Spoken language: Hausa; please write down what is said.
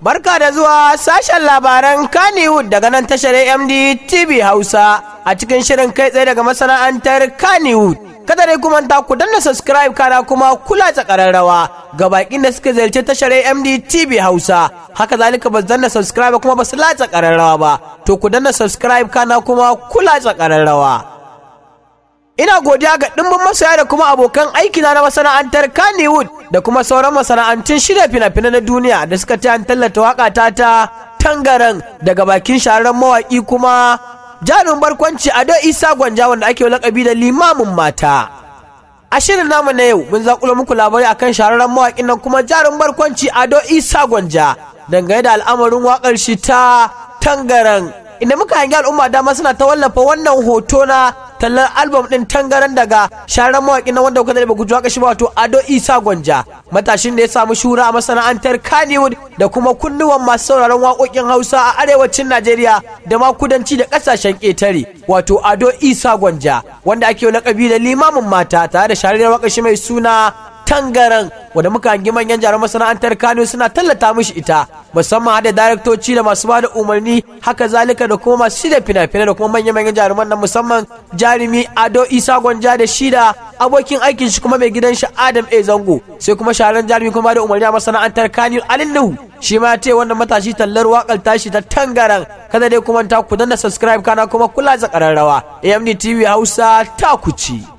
Barka da zuwa sashen labaran Kannywood daga nan tashar AMD TV Hausa a cikin shirin kai tsaye daga masana'antar Kannywood. Kada dai kuma ta ku danna subscribe kana kuma kula ta kararrawa ga bakin da suka ziyarci tashar AMD TV Hausa. Haka zalika ba danna subscribe kuma ba su latsa kararrawa ba. To ku danna subscribe kana kuma kula ta kararrawa. Ina godiya ga dimbin masoya da kuma abokan aikina na masana'antar Kannywood da kuma sauran masana'antun shirya fina-finai na duniya da suka ta tallata waka ta ta tangaran daga bakin shahararren mawaƙi kuma jarumin barkwanci ado isa gwanja wanda ake lakabi da limamin mata a shirin namu na yau mun zakulo muku labarai akan shahararren mawaƙin nan kuma jarumin barkwanci ado isa gwanja dangane da al'amarin waƙar shi ta tangaran inda muka hangi al'umma dama suna ta wallafa wannan hoto na tallar album din tangaran daga sharan mawaki na wanda kuka dade ba a ba wato Ado Isa Gwanja matashin da ya samu shura a masana'antar Kannywood da kuma kunnuwan masu sauraron waƙoƙin Hausa a arewacin Najeriya da ma kudanci da ƙasashen ƙetare wato Ado Isa Gwanja wanda ake yi lakabi da limamin mata tare da shahararren wakashi mai suna tangaran wanda muka hangi manyan jaran masana'antar Kano suna tallata mishi ita musamman da daraktoci da masu bada umarni haka zalika da kuma masu shida fina-finai da kuma manyan manyan jaruman nan musamman jarumi Ado Isa Gwanja da shida abokin aikin shi kuma mai gidan shi Adam A Zango sai kuma sharan jarumi kuma da umarni a masana'antar Kano Nuhu shi ma ya ce wannan matashi tallar wakar tashi ta tangaran kada dai kuma ta ku danna subscribe kana kuma kula za kararrawa AMD TV Hausa ta kuci.